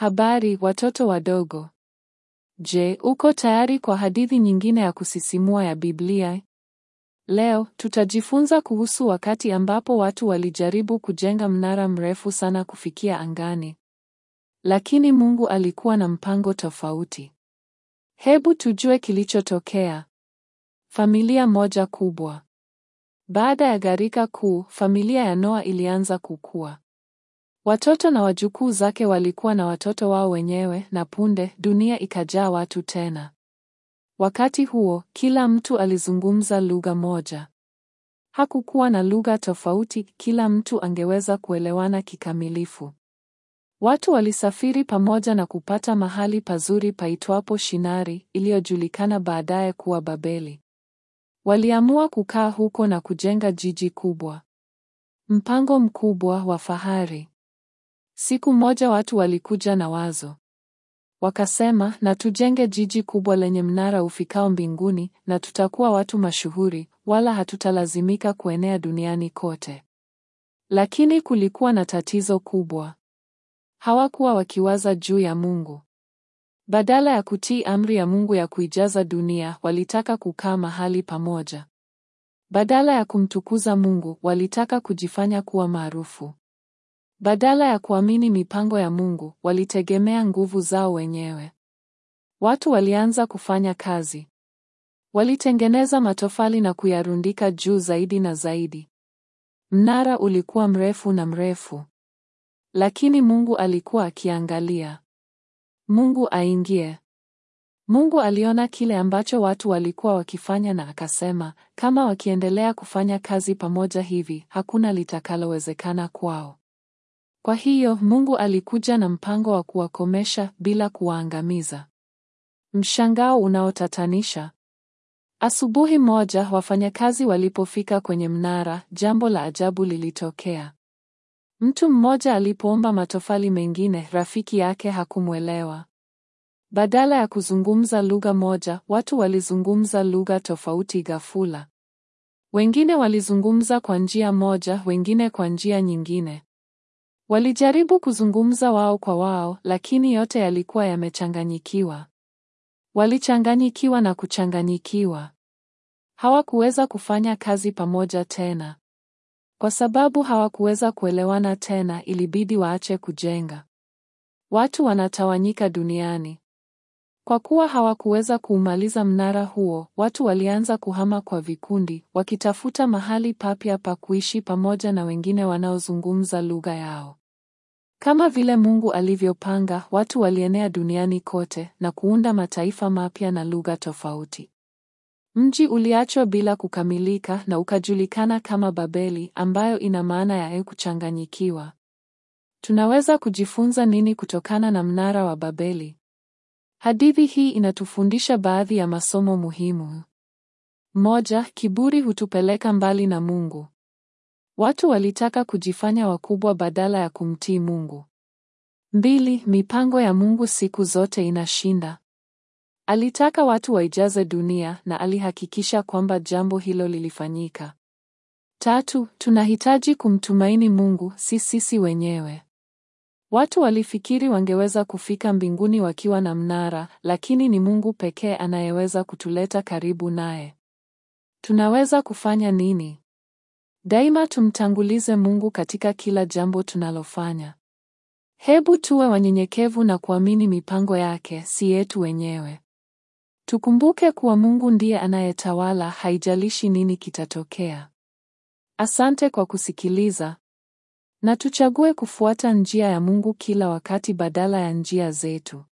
Habari watoto wadogo. Je, uko tayari kwa hadithi nyingine ya kusisimua ya Biblia? Leo tutajifunza kuhusu wakati ambapo watu walijaribu kujenga mnara mrefu sana kufikia angani. Lakini Mungu alikuwa na mpango tofauti. Hebu tujue kilichotokea. Familia moja kubwa. Baada ya gharika kuu, familia ya Noa ilianza kukua. Watoto na wajukuu zake walikuwa na watoto wao wenyewe, na punde dunia ikajaa watu tena. Wakati huo kila mtu alizungumza lugha moja. Hakukuwa na lugha tofauti, kila mtu angeweza kuelewana kikamilifu. Watu walisafiri pamoja na kupata mahali pazuri paitwapo Shinari, iliyojulikana baadaye kuwa Babeli. Waliamua kukaa huko na kujenga jiji kubwa, mpango mkubwa wa fahari. Siku moja watu walikuja na wazo. Wakasema, na tujenge jiji kubwa lenye mnara ufikao mbinguni, na tutakuwa watu mashuhuri, wala hatutalazimika kuenea duniani kote. Lakini kulikuwa na tatizo kubwa. Hawakuwa wakiwaza juu ya Mungu. Badala ya kutii amri ya Mungu ya kuijaza dunia, walitaka kukaa mahali pamoja. Badala ya kumtukuza Mungu, walitaka kujifanya kuwa maarufu. Badala ya kuamini mipango ya Mungu, walitegemea nguvu zao wenyewe. Watu walianza kufanya kazi. Walitengeneza matofali na kuyarundika juu zaidi na zaidi. Mnara ulikuwa mrefu na mrefu. Lakini Mungu alikuwa akiangalia. Mungu aingie. Mungu aliona kile ambacho watu walikuwa wakifanya na akasema, kama wakiendelea kufanya kazi pamoja hivi, hakuna litakalowezekana kwao. Kwa hiyo Mungu alikuja na mpango wa kuwakomesha bila kuwaangamiza. Mshangao unaotatanisha. Asubuhi moja wafanyakazi walipofika kwenye mnara, jambo la ajabu lilitokea. Mtu mmoja alipoomba matofali mengine, rafiki yake hakumwelewa. Badala ya kuzungumza lugha moja, watu walizungumza lugha tofauti ghafula. Wengine walizungumza kwa njia moja, wengine kwa njia nyingine. Walijaribu kuzungumza wao kwa wao, lakini yote yalikuwa yamechanganyikiwa. Walichanganyikiwa na kuchanganyikiwa. Hawakuweza kufanya kazi pamoja tena. Kwa sababu hawakuweza kuelewana tena, ilibidi waache kujenga. Watu wanatawanyika duniani. Kwa kuwa hawakuweza kuumaliza mnara huo, watu walianza kuhama kwa vikundi, wakitafuta mahali papya pa kuishi pamoja na wengine wanaozungumza lugha yao. Kama vile Mungu alivyopanga, watu walienea duniani kote na kuunda mataifa mapya na lugha tofauti. Mji uliachwa bila kukamilika na ukajulikana kama Babeli, ambayo ina maana ya kuchanganyikiwa. Tunaweza kujifunza nini kutokana na mnara wa Babeli? Hadithi hii inatufundisha baadhi ya masomo muhimu. Moja, kiburi hutupeleka mbali na Mungu. Watu walitaka kujifanya wakubwa badala ya kumtii Mungu. Mbili, mipango ya Mungu siku zote inashinda. Alitaka watu waijaze dunia na alihakikisha kwamba jambo hilo lilifanyika. Tatu, tunahitaji kumtumaini Mungu, si sisi wenyewe. Watu walifikiri wangeweza kufika mbinguni wakiwa na mnara, lakini ni Mungu pekee anayeweza kutuleta karibu naye. Tunaweza kufanya nini? Daima tumtangulize Mungu katika kila jambo tunalofanya. Hebu tuwe wanyenyekevu na kuamini mipango yake, si yetu wenyewe. Tukumbuke kuwa Mungu ndiye anayetawala, haijalishi nini kitatokea. Asante kwa kusikiliza. Na tuchague kufuata njia ya Mungu kila wakati badala ya njia zetu.